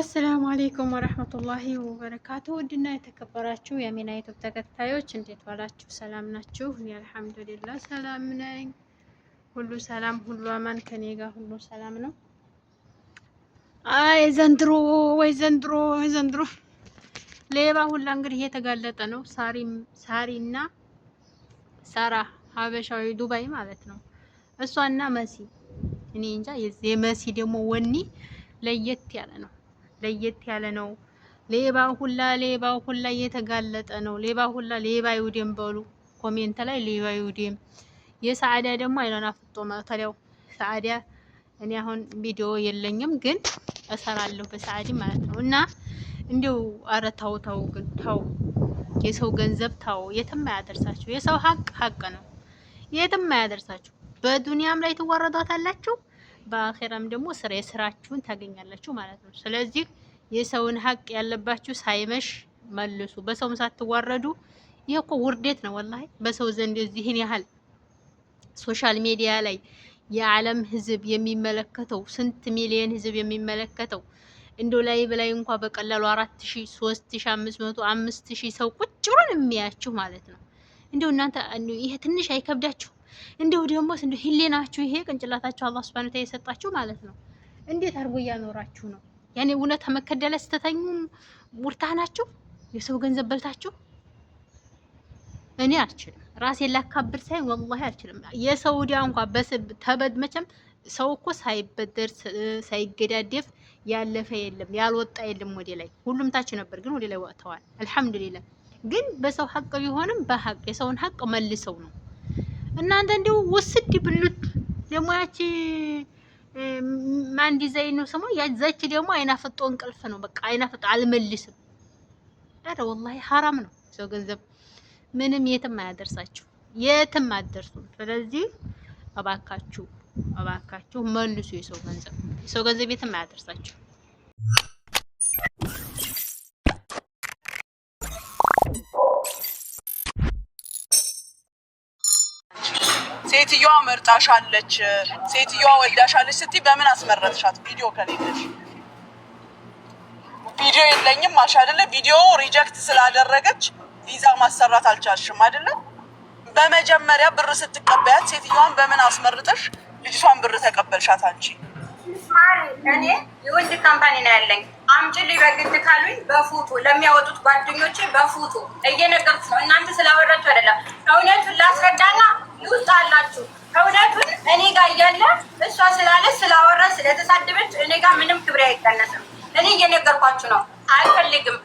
አሰላሙ አሌይኩም ወረህመቱላሂ ወበረካቱ። ውድና የተከበራችሁ የሚና ዩቱብ ተከታዮች እንዴት ዋላችሁ? ሰላም ናችሁ? አልሐምዱሊላ ሰላም ነኝ። ሁሉ ሰላም፣ ሁሉ አማን፣ ከኔ ጋር ሁሉ ሰላም ነው። አይ ዘንድሮ ወይ ዘንድሮ ወይ ዘንድሮ ሌባ ሁላ እንግዲህ የተጋለጠ ነው። ሳሪም ሳሪና ሳራ ሀበሻዊ ዱባይ ማለት ነው። እሷና መሲ እኔ እንጃ የመሲ ደግሞ ወኒ ለየት ያለ ነው። ለየት ያለ ነው። ሌባ ሁላ ሌባ ሁላ እየተጋለጠ ነው። ሌባ ሁላ ሌባ ይውዴም በሉ ኮሜንት ላይ ሌባ ይውዴም። የሰዓዲያ ደግሞ አይኗን አፍጦ መተሪያው ሰዓዲያ። እኔ አሁን ቪዲዮ የለኝም ግን እሰራለሁ በሰዓዲ ማለት ነው። እና እንዲው አረ ተው ተው፣ ግን ተው የሰው ገንዘብ ተው፣ የትም አያደርሳችሁ። የሰው ሀቅ ሀቅ ነው፣ የትም አያደርሳችሁ። በዱንያም ላይ ትዋረዷታላችሁ በአኼራም ደግሞ ስራ የስራችሁን ታገኛላችሁ ማለት ነው። ስለዚህ የሰውን ሀቅ ያለባችሁ ሳይመሽ መልሱ፣ በሰውም ሳትዋረዱ። ይህ እኮ ውርደት ነው ወላሂ በሰው ዘንድ እዚህን ያህል ሶሻል ሚዲያ ላይ የዓለም ህዝብ የሚመለከተው ስንት ሚሊየን ህዝብ የሚመለከተው እንዶ ላይ በላይ እንኳ በቀላሉ አራት ሺ ሶስት ሺ አምስት መቶ አምስት ሺ ሰው ቁጭ ብሎን የሚያችሁ ማለት ነው። እንደው እናንተ ይሄ ትንሽ አይከብዳችሁ? እንዲሁ ደግሞ እንዲ ህሊናችሁ ይሄ ቅንጭላታችሁ አላህ ሱብሃነሁ ወተዓላ የሰጣችሁ ማለት ነው። እንዴት አድርጎ እያኖራችሁ ነው? ያኔ እውነት መከደለ ስተተኙ ሙርታ ናችሁ። የሰው ገንዘብ በልታችሁ እኔ አልችልም። ራሴን ላካብል ሳይ ወላሂ አልችልም። የሰው ዲያ እንኳ በስብ ተበድ መቼም ሰው እኮ ሳይበደር ሳይገዳደፍ ያለፈ የለም ያልወጣ የለም ወደ ላይ ሁሉም ታች ነበር፣ ግን ወደ ላይ ወጥተዋል። አልሐምዱሊላህ ግን በሰው ሀቅ ቢሆንም በሀቅ የሰውን ሀቅ መልሰው ነው እናንተ እንዲሁ ውስድ ብሉት ደግሞ ማን ዲዛይን ነው ስሙ? ያዛች ደግሞ አይናፍጦ እንቅልፍ ነው። በቃ አይናፍጦ አልመልስም። አረ ወላሂ ሀራም ነው ሰው ገንዘብ ምንም የትም አያደርሳችሁ፣ የትም አያደርሱም። ስለዚህ እባካችሁ እባካችሁ መልሱ የሰው ገንዘብ የሰው ገንዘብ የትም አያደርሳችሁ። ሴትዮዋ መርጣሻለች፣ ሴትዮዋ ወልዳሻለች ስትይ በምን አስመረጥሻት? ቪዲዮ ከሌለሽ ቪዲዮ የለኝም አልሽ አይደለ? ቪዲዮ ሪጀክት ስላደረገች ቪዛ ማሰራት አልቻልሽም አይደለ? በመጀመሪያ ብር ስትቀበያት ሴትዮዋን በምን አስመርጠሽ ልጅቷን ብር ተቀበልሻት? አንቺ እኔ የወንድ ካምፓኒ ነው ያለኝ። አምጪልኝ በግድ ካሉኝ በፎቶ ለሚያወጡት ጓደኞቼ በፎቶ እየነገርኩት ነው። እናንተ ስላወራችሁ አይደለም እውነቱን ላስረዳና ይውጣላችሁ። እውነቱን እኔ ጋር እያለ እሷ ስላለ ስላወራ ስለተሳደበች እኔ ጋር ምንም ክብሬ አይቀነስም። እኔ እየነገርኳችሁ ነው። አልፈልግም።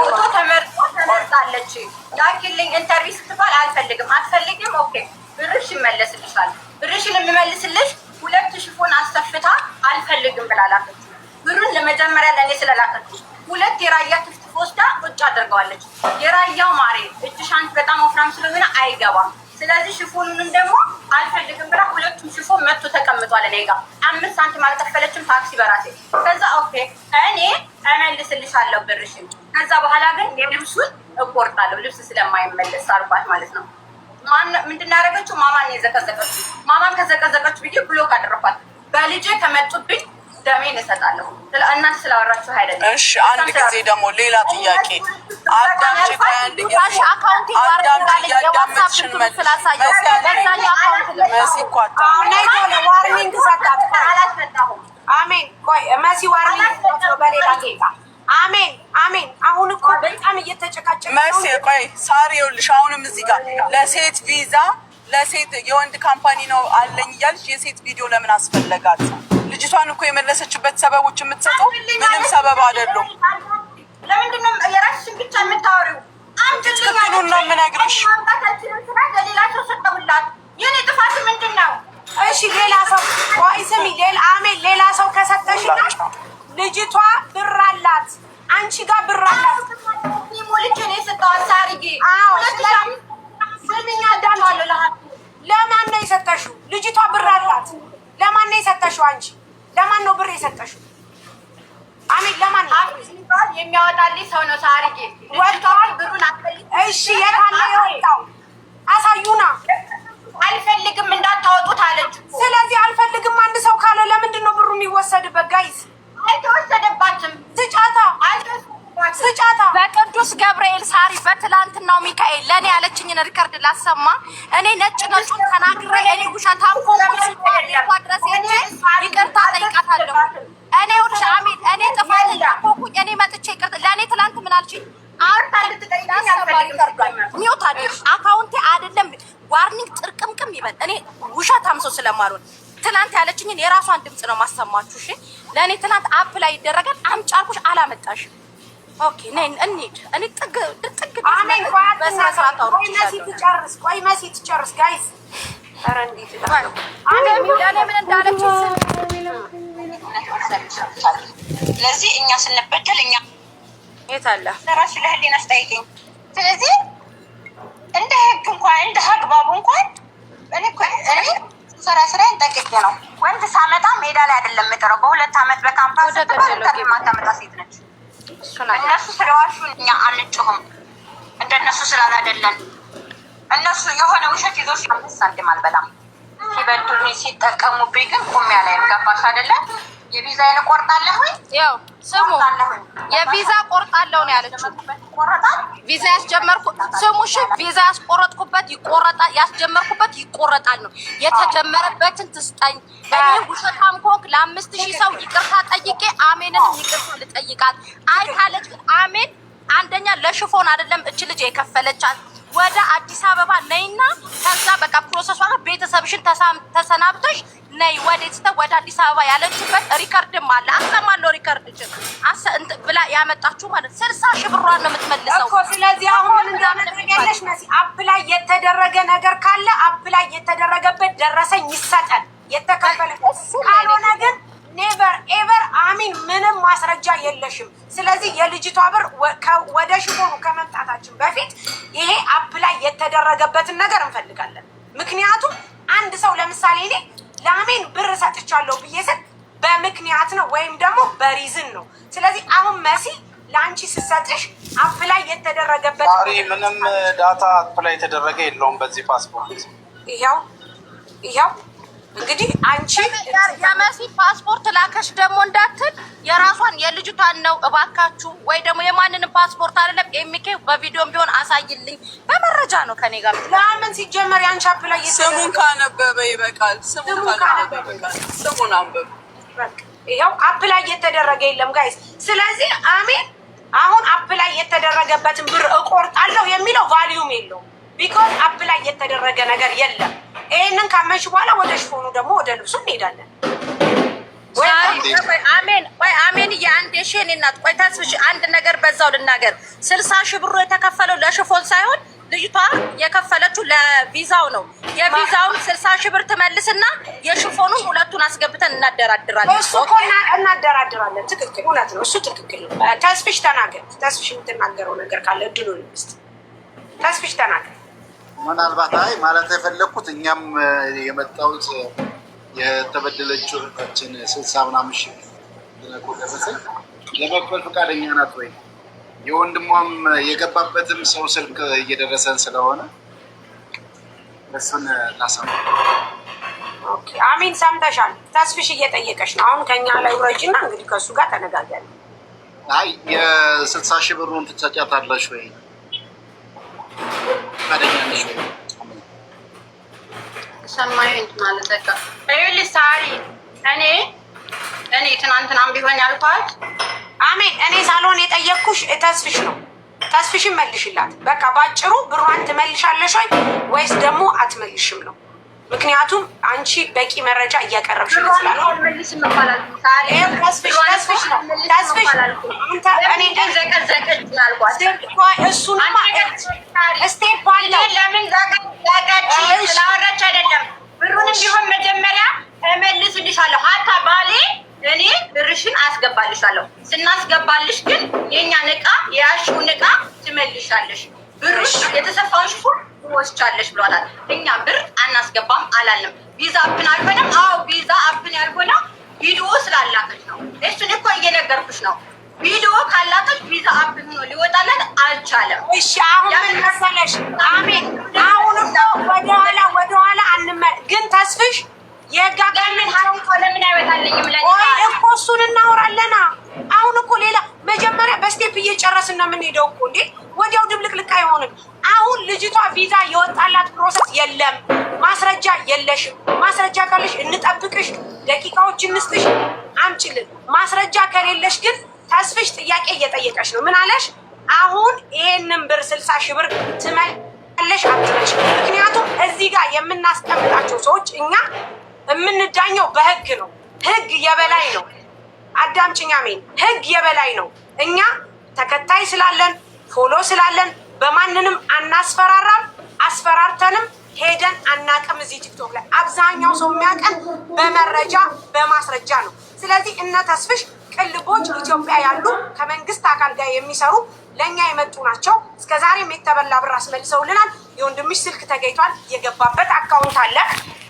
ፎቶ ተመርጦ ተመርጣለች። ላኪልኝ ኢንተርቪው ስትባል አልፈልግም። አትፈልግም? ኦኬ ብርሽ ይመለስልሻል። ብርሽን የሚመልስልሽ ሁለት ሽፎን አሰፍታ አልፈልግም ብላ ላከች። ብሩን ለመጀመሪያ ለእኔ ስለላከች ሁለት የራያ ክፍት ፖስታ ቁጭ አድርገዋለች። የራያው ማሬ እጅሽ አንቺ በጣም ወፍራም ስለሆነ አይገባም ስለዚህ ሽፎኑንም ደግሞ አልፈልግም ብላ ሁለቱም ሽፎን መቶ ተቀምጧል። እኔ ጋር አምስት ሳንቲም አልከፈለችም ታክሲ በራሴ። ከዛ ኦኬ እኔ እመልስልሻለሁ ብርሽን፣ ከዛ በኋላ ግን የልብሱን እቆርጣለሁ ልብስ ስለማይመለስ አልኳት ማለት ነው። ምንድን ያደረገችው ማማን የዘቀዘቀችው። ማማን ከዘቀዘቀችው ብዬ ብሎክ አደረኳት። በልጄ ከመጡብኝ ደሜን እሰጣለሁ። እናንተ ስላወራችሁ አይደለም። እሺ፣ አንድ ጊዜ ደግሞ ሌላ ጥያቄ አዳምጪ። አሁን እኮ በጣም እየተጨቃጨቀ መሲ፣ ቆይ ሳሪ፣ ይኸውልሽ አሁንም እዚህ ጋር ለሴት ቪዛ ለሴት የወንድ ካምፓኒ ነው አለኝ እያልሽ የሴት ቪዲዮ ለምን አስፈለጋት? ልጅቷን እኮ የመለሰችበት ሰበቦች የምትሰጠው ምንም ሰበብ አይደሉም። ለምንድነው የራስሽን ብቻ የምታወሪው? ትክክሉን ነው የምነግርሽ። የኔ ጥፋት ምንድን ነው? እሺ ሌላ ሰው ቆይ ስሚ፣ አሜን፣ ሌላ ሰው ከሰጠሽ ልጅቷ ብር አላት፣ አንቺ ጋር ብር አላት። ለማን ነው የሰጠሽው? ልጅቷ ብር አላት። ለማን ነው የሰጠሽው አንቺ ለማን ነው ብር የሰጠሽው? አሜን። ለማን ነው የሚያወጣልኝ? ሰው ነው ሳሪጌ ወጣው ብሩን አትፈልግ። እሺ፣ የታለ የወጣው? አሳዩና። አልፈልግም እንዳታወጡት አለች። ስለዚህ አልፈልግም አንድ ሰው ካለ ለምንድን ነው ብሩ የሚወሰድበት? ጋይስ፣ አይተወሰደባትም። ትጫታ በቅዱስ ገብርኤል ሳሪ በትላንትናው ሚካኤል ለእኔ ያለችኝን ሪከርድ ላሰማ። እኔ ነጭ ነጩን ተናግሬ እኔ ውሸታ ድረስ ይቅርታ ጠይቃታለሁ። እኔ ውልሽ አሜት እኔ ጥፋት ኩኝ እኔ መጥቼ ይቅርታ ለእኔ ትላንት ምን አልችኝ አካውንቴ አይደለም ዋርኒንግ ጥርቅምቅም ይበል። እኔ ውሸታም ሰው ስለማልሆን ትናንት ያለችኝን የራሷን ድምፅ ነው ማሰማችሁ። እሺ ለእኔ ትናንት አፕ ላይ ይደረጋል። አምጪ አላመጣሽም። ኦኬ ነኝ እንሂድ። እኔ ጥግ ጥግ ስለዚህ እኛ ስንበደል እኛ የት አለ ለራሱ ለህሊናሽ ጠይቂኝ። ስለዚህ እንደ ህግ እንኳን እንደ አግባቡ እንኳን እኔ እኮ እኔ ስራ ስራ ጠቅቄ ነው ወንድ ሳመጣ ሜዳ ላይ አይደለም የምጥረው። በሁለት አመት በካምፓስ ማታመጣ ሴት ነች እነሱ ስለዋሹ እኛ አንጮህም፣ እንደነሱ ስላላደለን። እነሱ የሆነ ውሸት ይዞ ሲአምስት አንድም አልበላም። ሲበድሉኝ ሲጠቀሙብኝ ግን ቁሚያ ላይም ገባሽ አይደለም የቪዛዬን እቆርጣለሁ ያው ስሙ የቪዛ ቆርጣለሁ ነው ያለችው። ቪዛ ያስጀመርኩት ስሙ እሺ፣ ቪዛ ያስቆረጥኩበት ይቆረጣል፣ ያስጀመርኩበት ይቆረጣል ነው የተጀመረበትን ትስጠኝ። እኔ ውሸታም ኮንክ ለአምስት ሺህ ሰው ይቅርታ ጠይቄ አሜንንም ይቅርታ ልጠይቃት አይታለች። አሜን አንደኛ ለሽፎን አይደለም እች ልጅ የከፈለቻት ወደ አዲስ አበባ ነይና ከዛ በቃ ፕሮሰሱ አለ። ቤተሰብሽን ተሰናብተሽ ነይ ወደ ስተ ወደ አዲስ አበባ ያለችበት ሪከርድም አለ አሰማለሁ። ሪከርድ ጭን አሰ ብላ ያመጣችሁ ማለት ስልሳ ሺህ ብሯን ነው የምትመልሰው እኮ። ስለዚህ አሁን እንዳለሽ መሲ ላይ የተደረገ ነገር ካለ ላይ የተደረገበት ደረሰኝ ይሰጠን የተከፈለ ካልሆነ ግን ኔቨር ኤቨር አሚን ማስረጃ የለሽም። ስለዚህ የልጅቷ ብር ወደ ሽሆኑ ከመምጣታችን በፊት ይሄ አፕ ላይ የተደረገበትን ነገር እንፈልጋለን። ምክንያቱም አንድ ሰው ለምሳሌ እኔ ላሜን ብር ሰጥቻለሁ ብዬ ስል በምክንያት ነው ወይም ደግሞ በሪዝን ነው። ስለዚህ አሁን መሲ ለአንቺ ስሰጥሽ አፕ ላይ የተደረገበት ምንም ዳታ አፕ ላይ የተደረገ የለውም። በዚህ ፓስፖርት ይኸው ይኸው እንግዲህ አንቺ የመሲ ፓስፖርት ላከሽ ደግሞ እንዳትል የራሷን የልጅቷን ነው እባካችሁ። ወይ ደግሞ የማንንም ፓስፖርት አይደለም። ኤሚኬ በቪዲዮም ቢሆን አሳይልኝ በመረጃ ነው ከኔ ጋር ለምን ሲጀመር ያን ቻፕ ላይ ስሙን ካነበበ ይበቃል። ስሙን ካነበበ ስሙን አንብብ። ይኸው አፕ ላይ የተደረገ የለም ጋይስ። ስለዚህ አሜን አሁን አፕ ላይ የተደረገበትን ብር እቆርጣለሁ የሚለው ቫሊዩም የለውም። ቢኮዝ አፕ ላይ የተደረገ ነገር የለም። ይህንን ካመንሽ በኋላ ወደ ሽፎኑ ደግሞ ወደ ልብሱ እንሄዳለን። አሜን ቆይ አሜን የአንድ የሽን እናት ቆይ ተስፍሽ አንድ ነገር በዛው ልናገር። ስልሳ ሺህ ብሩ የተከፈለው ለሽፎን ሳይሆን ልጅቷ የከፈለችው ለቪዛው ነው። የቪዛውን ስልሳ ሺህ ብር ትመልስና የሽፎኑ ሁለቱን አስገብተን እናደራድራለን። እሱ እኮ እናደራድራለን። ትክክል፣ እውነት ነው። እሱ ትክክል ነው። ተስፍሽ ተናገር። ተስፍሽ የምትናገረው ነገር ካለ ድሉ ንስት ተስፍሽ ተናገር። ምናልባት አይ ማለት የፈለግኩት እኛም የመጣሁት የተበደለችው እህታችን ስልሳ ምናምን ሺህ ድነቆ ደረሰኝ ለመክፈል ፈቃደኛ ናት ወይ? የወንድሟም የገባበትም ሰው ስልክ እየደረሰን ስለሆነ እሱን ታሰማ። አሚን ሰምተሻል። ተስፍሽ እየጠየቀች ነው። አሁን ከኛ ላይ ውረጅና እንግዲህ ከእሱ ጋር ተነጋገር። አይ የስልሳ ሺህ ብሩን ትሰጫታለሽ ወይ? ሳሪ እኔ እኔ ትናንትናም ቢሆን ያልኳት አሜን እኔ ሳልሆን የጠየቅኩሽ ተስፍሽ ነው። ተስፍሽን መልሽላት። በቃ ባጭሩ ብሯን ትመልሻለሽ ወይስ ደግሞ አትመልሽም ነው። ምክንያቱም አንቺ በቂ መረጃ እያቀረብሽ ቢሆን መጀመሪያ እመልስልሻለሁ። ሀታ ባሌ እኔ ብርሽን አስገባልሻለሁ። ስናስገባልሽ ግን የእኛን እቃ የያሽውን እቃ ትመልሻለሽ። ብሩሽ የተሰፋውን ሽፉር ትወስቻለሽ ብሏታል። እኛ ብር አናስገባም አላለም። ቪዛ አፕን አልሆነም። አዎ ቪዛ አፕን ያልሆነው ቪዲዮ ስላላከች ነው። እሱን እኮ እየነገርኩሽ ነው። ቪዲዮ ካላከች ቪዛ አፕ ሆኖ ሊወጣለት አልቻለም። እሺ አሁን ምን መሰለሽ? አሜን አሁን ወደኋላ ወደኋላ አንመ ግን ተስፍሽ የህግ አካል ለምን አይወጣልኝም? ለእኔ እኮ እሱን እናውራለና አሁን እኮ ሌላ መጀመሪያ በስቴፕ እየጨረስን ነው የምንሄደው እኮ እንዴ! ወዲያው ድብልቅልቅ አይሆንም። አሁን ልጅቷ ቪዛ የወጣላት ፕሮሰስ የለም። ማስረጃ የለሽም። ማስረጃ ካለሽ እንጠብቅሽ፣ ደቂቃዎች እንስጥሽ፣ አምጪልን። ማስረጃ ከሌለሽ ግን ተስፍሽ ጥያቄ እየጠየቀሽ ነው። ምን አለሽ? አሁን ይሄንን ብር ስልሳ ሺህ ብር ትመለሽ አትለሽ። ምክንያቱም እዚህ ጋር የምናስቀምጣቸው ሰዎች እኛ የምንዳኘው በህግ ነው። ህግ የበላይ ነው። አዳምጪኝ አሜን። ህግ የበላይ ነው። እኛ ተከታይ ስላለን ፎሎ ስላለን በማንንም አናስፈራራም። አስፈራርተንም ሄደን አናቅም። እዚህ ቲክቶክ ላይ አብዛኛው ሰው የሚያቀን በመረጃ በማስረጃ ነው። ስለዚህ እነ ተስፍሽ ቅልቦች ኢትዮጵያ ያሉ ከመንግስት አካል ጋር የሚሰሩ ለእኛ የመጡ ናቸው። እስከ ዛሬም የተበላ ብር አስመልሰውልናል። የወንድምሽ ስልክ ተገኝቷል። የገባበት አካውንት አለ፣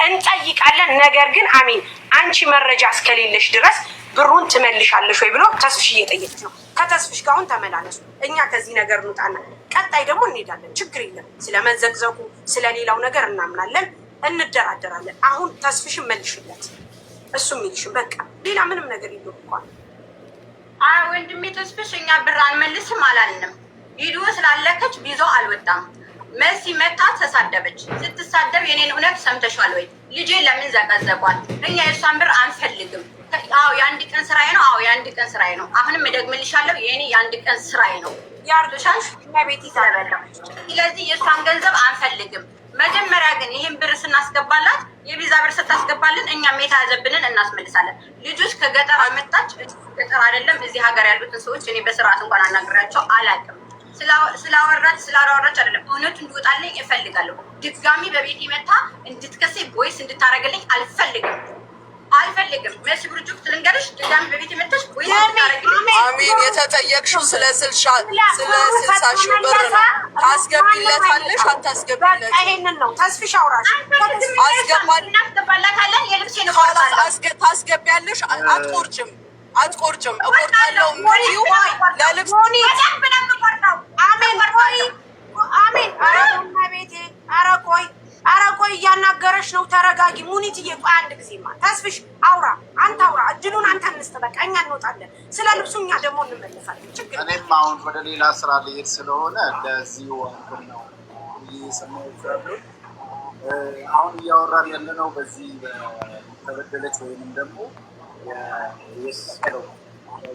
እንጠይቃለን። ነገር ግን አሚን አንቺ መረጃ እስከሌለሽ ድረስ ብሩን ትመልሻለሽ ወይ ብሎ ተስፍሽ እየጠየቀች ነው። ከተስፍሽ ጋር አሁን ተመላለሱ። እኛ ከዚህ ነገር እንውጣና ቀጣይ ደግሞ እንሄዳለን። ችግር የለም። ስለ መዘግዘጉ ነገር እናምናለን፣ እንደራደራለን። አሁን ተስፍሽን መልሽለት፣ እሱ የሚልሽን በቃ ሌላ ምንም ነገር ይሉ እንኳን ወንድሜ ተስፍሽ እኛ ብር አንመልስም አላልንም። ቪዲዮ ስላለከች ቢዞ አልወጣም መሲ መታ ተሳደበች። ስትሳደብ የኔን እውነት ሰምተሻል ወይ? ልጄ ለምን ዘቀዘቋል? እኛ የእሷን ብር አንፈልግም። አዎ የአንድ ቀን ስራዬ ነው። አዎ የአንድ ቀን ስራዬ ነው። አሁንም እደግምልሻለሁ፣ የኔ የአንድ ቀን ስራዬ ነው። ያርዶሻል ቤት ይሰበለ። ስለዚህ የእሷን ገንዘብ አንፈልግም። መጀመሪያ ግን ይህን ብር ስናስገባላት የቪዛ ብር ስታስገባልን እኛም የተያዘብንን እናስመልሳለን። ልጆች ከገጠር አመጣች ገጠር አይደለም እዚህ ሀገር ያሉትን ሰዎች እኔ በስርዓት እንኳን አናግሬያቸው አላውቅም። ስላወራች ስላወራች አይደለም፣ እውነቱ እንዲወጣልኝ እፈልጋለሁ። ድጋሚ በቤት መታ እንድትከሴ ቦይስ እንድታረግልኝ አልፈልግም አልፈልግም። መሲ ብርጅክ ትልንገርሽ ድጋሚ በቤት ቦይስ አሚን። የተጠየቅሽው ስለ ስልሳ ብር ነው። ታስገቢለታለሽ አታስገቢለት? ይሄንን ነው ተስፍሽ አውራሽ አስገባላታለን። የልብሴ ታስገቢያለሽ? አትቆርጭም አትቆርጭም። እቆርጣለሁ ምሪው ለልብስ አሜን። ቤቴ ኧረ እያናገረች ነው። ተረጋጊ ሙኒትዬ። ቆይ አንድ ጊዜማ ተስፍሽ አውራ፣ አንተ አውራ። እድሉን አንተ እንስጥ። በቃ እኛ እንወጣለን። ስለ ልብሱ እኛ ደግሞ እንመለሳለን። እኔም አሁን ወደ ሌላ ስራ ልሄድ ስለሆነ ለዚሁ አንግል ነው እየሰማሁት አሁን እያወራን ያለነው በዚህ ተበደለች ወይንም ደግሞ የሱስ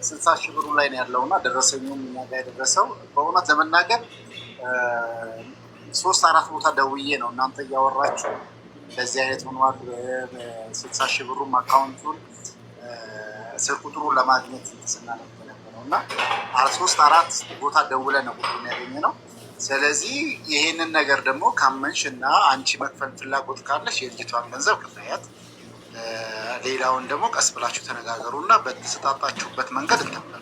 ስልሳ ሺህ ብሩ ላይ ነው ያለው እና ደረሰኙን እኛ ጋ የደረሰው በእውነት ለመናገር ሶስት አራት ቦታ ደውዬ ነው እናንተ እያወራችሁ በዚህ አይነት ሆኗል ስልሳ ሺህ ብሩም አካውንቱን ስልክ ቁጥሩን ለማግኘት ስናነብ ነበረው እና ሶስት አራት ቦታ ደውለ ነው ቁጥሩን ያገኘ ነው። ስለዚህ ይሄንን ነገር ደግሞ ካመንሽ እና አንቺ መክፈል ፍላጎት ካለሽ የልጅቷን ገንዘብ ክፍያት ሌላውን ደግሞ ቀስ ብላችሁ ተነጋገሩ እና በተሰጣጣችሁበት መንገድ እንተምበር።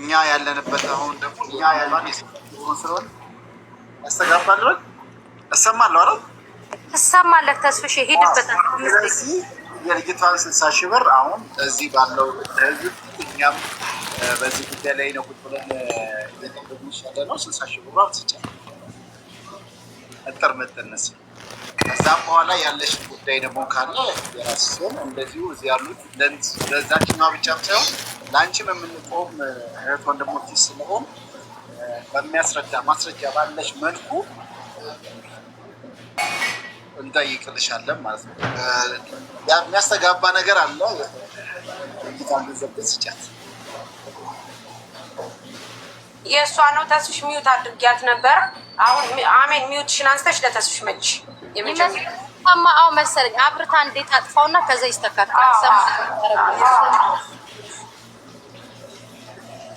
እኛ ያለንበት አሁን ደግሞ እኛ ያለን ስለሆነ ያስተጋባለን። እሰማለሁ አይደል? እሰማለሁ። ተስፍሽ ሂድበት። ስለዚህ የልጅቷን ስልሳ ሺህ ብር አሁን እዚህ ባለው ህዝብ እኛም በዚህ ጉዳይ ላይ ነው ቁጭ ብለን ያለ ነው። ስልሳ ሺህ ብር አብስቻ እጥር ምጥር ነው ከዛም በኋላ ያለሽ ጉዳይ ደግሞ ካለ የራስ ሲሆን እንደዚሁ እዚህ ያሉት ለዛችኛዋ ብቻም ሳይሆን ለአንቺም የምንቆም እህት ፊት ስለሆን በሚያስረዳ ማስረጃ ባለሽ መልኩ እንጠይቅልሻለን ማለት ነው። የሚያስተጋባ ነገር አለ ጌታንዘብን ስጫት የእሷ ነው። ተስሽ ሚዩት አድርጊያት ነበር። አሁን አሜን ሚዩትሽን አንስተሽ ለተስሽ መች ማማው መሰለኝ አብርታ እንዴት አጥፋውና ከዛ ይስተካከላል።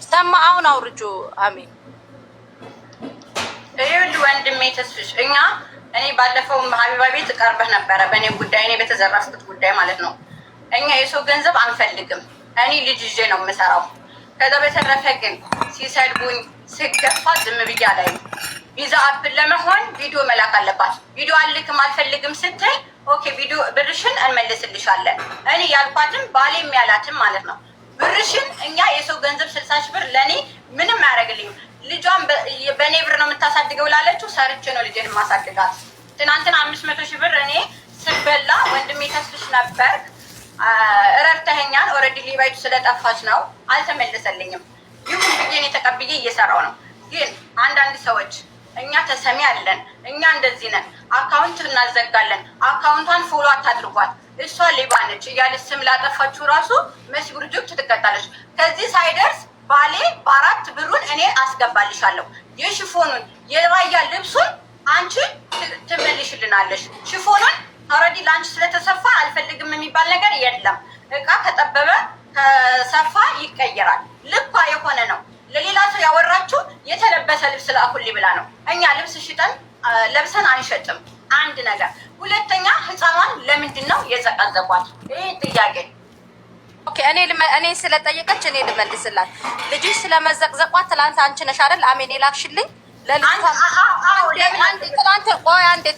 ሰማ አሁን አውርጆ አሜን። ይኸውልህ ወንድሜ ተስፍሽ እኛ እኔ ባለፈው ሀቢባ ቤት ቀርበህ ነበረ በእኔ ጉዳይ እኔ በተዘረፍኩት ጉዳይ ማለት ነው። እኛ የሰው ገንዘብ አንፈልግም። እኔ ልጅ ይዤ ነው የምሰራው። ከዛ በተረፈ ግን ሲሰድቡኝ ስገፋ ዝም ብዬ አላይም። ቪዛ አፕ ለመሆን ቪዲዮ መላክ አለባት። ቪዲዮ አልክም አልፈልግም ስትል ኦኬ ቪዲዮ ብርሽን እንመልስልሻለን። እኔ ያልኳትም ባሌ የሚያላትም ማለት ነው። ብርሽን እኛ የሰው ገንዘብ ስልሳ ሺህ ብር ለእኔ ምንም አያደርግልኝም። ልጇን በእኔ ብር ነው የምታሳድገው ላለችው ሰርቼ ነው ልጄን የማሳድጋት። ትናንትና አምስት መቶ ሺህ ብር እኔ ስበላ ወንድሜ ተስፍሽ ነበር እረድተኸኛል። ኦልሬዲ ሊባይቱ ስለጠፋች ነው አልተመለሰልኝም። ይሁን ብዬ እኔ ተቀብዬ እየሰራው ነው። ግን አንዳንድ ሰዎች እኛ ተሰሚ አለን፣ እኛ እንደዚህ ነን፣ አካውንት እናዘጋለን፣ አካውንቷን ፎሎ አታድርጓት፣ እሷ ሌባ ነች ስም ላጠፋችሁ ራሱ መሲ ብርጆች ትቀጣለች። ከዚህ ሳይደርስ ባሌ በአራት ብሩን እኔ አስገባልሻለሁ፣ የሽፎኑን የራያ ልብሱን አንቺ ትመልሽልናለሽ። ሽፎኑን ኦልሬዲ ለአንቺ ስለተሰፋ አልፈልግም የሚባል ነገር የለም። እቃ ከጠበበ ከሰፋ ይቀየራል። ልኳ የሆነ ነው ለሌላ ሰው ያወራችሁ የተለበሰ ልብስ ለአኩሊ ብላ ነው። እኛ ልብስ ሽጠን ለብሰን አንሸጥም። አንድ ነገር። ሁለተኛ ህፃኗን ለምንድን ነው የዘቀዘቋት? ይህ ጥያቄ እኔ ስለጠየቀች እኔ ልመልስላት። ልጅሽ ስለመዘቅዘቋ ትላንት አንቺ ነሽ አይደል አሜን የላክሽልኝ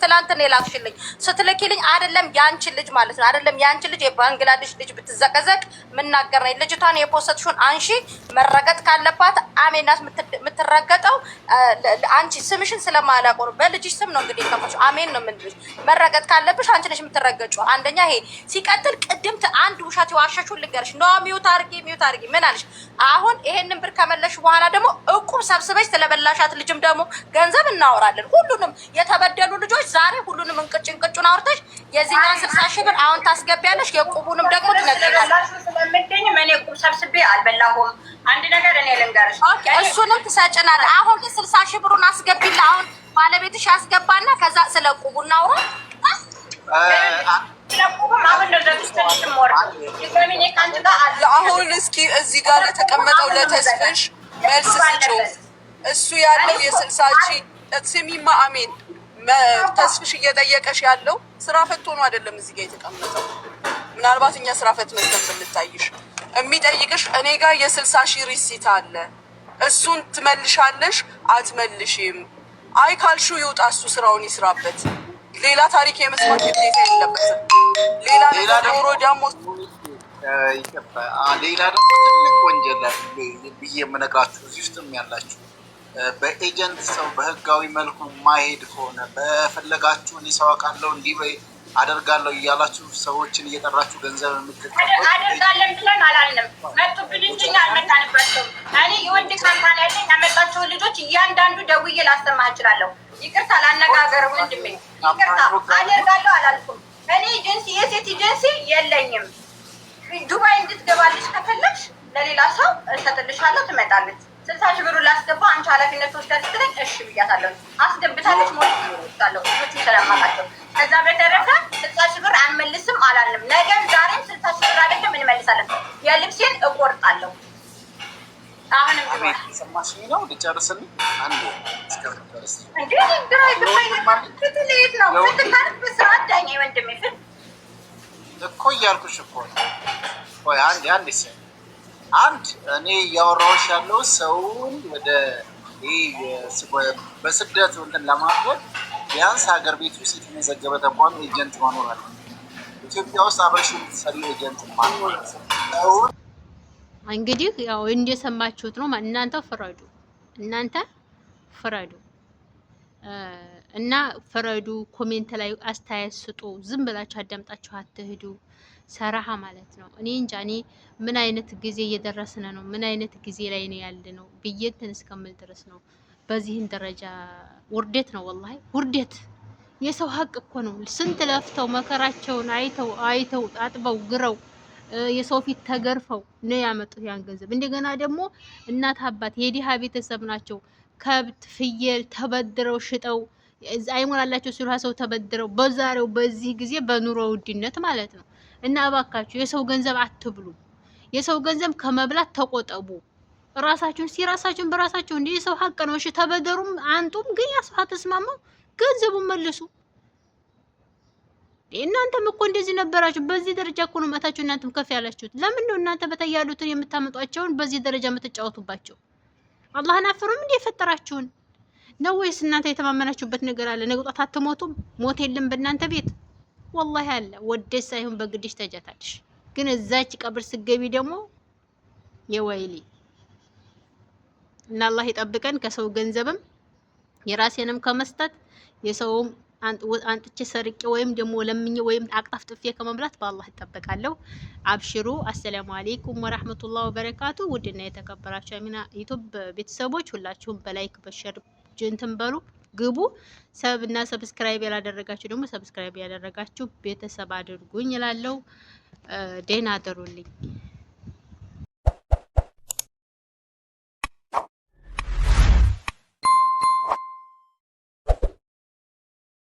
ትላንት ነው የላክሽልኝ። ስትልኪልኝ አይደለም የአንቺን ልጅ ማለት ነው አይደለም የአንቺን ልጅ የባንግላዴሽ ልጅ ብትዘቀዘቅ ምናገር ነኝ። ልጅቷን አንሺ መረገጥ ካለባት አሜናት የምትረገጠው አንቺ ስምሽን ስለማላውቅ ነው። በልጅሽ ስም ነው እንግዲህ አሜን ነው መረገጥ ካለብሽ አንቺ ነሽ አንደኛ ይሄ ሲቀጥል፣ አንድ ውሻት የዋሸሽውን ልንገርሽ። ሚውት ሚውት ምን አለሽ? አሁን ይሄንን ብር ከመለሽ በኋላ ደግሞ እቁብ ሰብስበሽ ስለበላሻት ልጅም ደግሞ ደግሞ ገንዘብ እናወራለን። ሁሉንም የተበደሉ ልጆች ዛሬ ሁሉንም እንቅጭ እንቅጩን አውርተሽ የዚህኛውን ስልሳ ሺህ ብር አሁን ታስገቢያለሽ፣ የቁቡንም ደግሞ ትነግሪያለሽ። ስለምገኝም እኔ ቁብ ሰብስቤ አልበላሁም። አንድ ነገር እኔ ልንገርሽ፣ እሱንም ትሰጭናለሽ። አሁን ግን ስልሳ ሺህ ብሩን አስገቢላ። አሁን ባለቤትሽ ያስገባና ከዛ ስለ ቁቡ እናውራ። አሁን እስኪ እዚህ ጋር ለተቀመጠው ለተስፍሽ መልስ ስጭው። እሱ ያለው የስልሳ ሺህ ስሚማ አሜን ተስፍሽ እየጠየቀሽ ያለው ስራ ፈት ሆኖ አይደለም እዚህ ጋር የተቀመጠው። ምናልባት እኛ ስራ ፈት መስለን ብንታይሽ የሚጠይቅሽ እኔ ጋር የስልሳ ሺህ ሪሲት አለ እሱን ትመልሻለሽ አትመልሽም? አይ ካልሹ ይውጣ፣ እሱ ስራውን ይስራበት። ሌላ ታሪክ የመስማት ግዴታ የለበትም። ሌላ ሌላ ኖሮ ደግሞ ሌላ ደግሞ ትልቅ ወንጀል ብዬ የምነግራችሁ እዚህ ውስጥም ያላችሁ በኤጀንት ሰው በህጋዊ መልኩ ማሄድ ከሆነ በፈለጋችሁ እኔ ሰው አውቃለሁ እንዲህ አደርጋለሁ እያላችሁ ሰዎችን እየጠራችሁ ገንዘብ የምትቀበሉ አደርጋለን ብለን አላለም። መጡብን እንጂ እኔ የወንድ ካምፓኒ ያመጣቸውን ልጆች እያንዳንዱ ደውዬ ላሰማህ እችላለሁ። ይቅርታ ላነጋገር ወንድሜ፣ ይቅርታ አደርጋለሁ አላልኩም። እኔ ኤጀንሲ የሴት ኤጀንሲ የለኝም። ዱባይ እንድትገባልሽ ከፈለግሽ ለሌላ ሰው እሰጥልሻለሁ፣ ትመጣለች ስልሳ ሺህ ብሩን ላስገባ አንቺ ኃላፊነት ወስዳ ስትለኝ እሺ ብያታለሁ። አስገብታለች። ሞት ይወጣለሁ ልጆቹ ስለማቃቸው ከዛ በተረፈ ስልሳ ሺህ ብር አንመልስም አላልንም። ነገም ዛሬም ስልሳ ሺህ ብር አይደለም እንመልሳለን። የልብሴን እቆርጣለሁ። አሁንም ሰማሽኝ ነው ልጨርስን አንድ እንዴ ግራ ፍትል የት ነው ፍትል ማለት ዳኛ ወንድሜ ፍል እኮ እያልኩሽ እኮ ነው። አንድ አንድ ይሰ አንድ እኔ እያወራሁሽ ያለው ሰውን ወደ በስደት እንትን ለማድረግ ቢያንስ ሀገር ቤት ውስጥ የተመዘገበ ተቋም ኤጀንት ማኖር አለ። ኢትዮጵያ ውስጥ አብረሽ ሰሪ ኤጀንት ማኖር እንግዲህ ያው እንደሰማችሁት ነው። እናንተ ፍረዱ፣ እናንተ ፍረዱ እና ፍረዱ። ኮሜንት ላይ አስተያየት ስጡ። ዝም ብላችሁ አዳምጣችሁ አትሂዱ። ሰራሃ ማለት ነው። እኔ እንጃ እኔ ምን አይነት ጊዜ እየደረስን ነው፣ ምን አይነት ጊዜ ላይ ነው ያለ ነው ብዬ እንትን እስከምል ድረስ ነው። በዚህን ደረጃ ውርደት ነው፣ ወላሂ ውርደት። የሰው ሀቅ እኮ ነው። ስንት ለፍተው መከራቸውን አይተው አይተው አጥበው ግረው የሰው ፊት ተገርፈው ነው ያመጡት ያን ገንዘብ። እንደገና ደግሞ እናት አባት የድሃ ቤተሰብ ናቸው። ከብት ፍየል ተበድረው ሽጠው አይሞላላቸው ሲሉ ሰው ተበድረው በዛሬው በዚህ ጊዜ በኑሮ ውድነት ማለት ነው እና እባካችሁ የሰው ገንዘብ አትብሉ። የሰው ገንዘብ ከመብላት ተቆጠቡ። ራሳችሁን ሲራሳችሁን በራሳችሁ እንዲህ የሰው ሀቅ ነው። እሺ ተበደሩም አንጡም፣ ግን ያ ሰው አትስማማው፣ ገንዘቡን መልሱ። እናንተም እኮ እንደዚህ ነበራችሁ። በዚህ ደረጃ እኮ ነው መታችሁ እናንተም ከፍ ያላችሁት። ለምን ነው እናንተ በታይ ያሉትን የምታመጧቸውን በዚህ ደረጃ የምትጫወቱባቸው? አላህን አፍሩም እንዴ የፈጠራችሁን ነው ወይስ እናንተ የተማመናችሁበት ነገር አለ? ነገ ጧት አትሞቱም? ሞት የለም በእናንተ ቤት። ወላሂ አለ ወደሽ ሳይሆን በግድሽ ተጀታለሽ። ግን እዛች ቀብር ስገቢ ደግሞ የወይሊ እና አላህ ይጠብቀን ከሰው ገንዘብም የራሴንም ከመስጠት የሰውም አንጥቼ ሰርቄ ወይም ደግሞ ለምኜ ወይም አቅጣፍጥፌ ከመብላት በአላህ እጠበቃለሁ። አብሽሩ። አሰላሙ አሌይኩም ወራህመቱላህ ወበረካቱ። ውድና የተከበራችሁ አሚና ዩቱብ ቤተሰቦች ሁላችሁም በላይክ በሸር እንትን በሉ። ግቡ። ሰብ እና ሰብስክራይብ ያላደረጋችሁ ደግሞ ሰብስክራይብ ያደረጋችሁ ቤተሰብ አድርጉኝ እላለሁ። ደህና አደሩልኝ።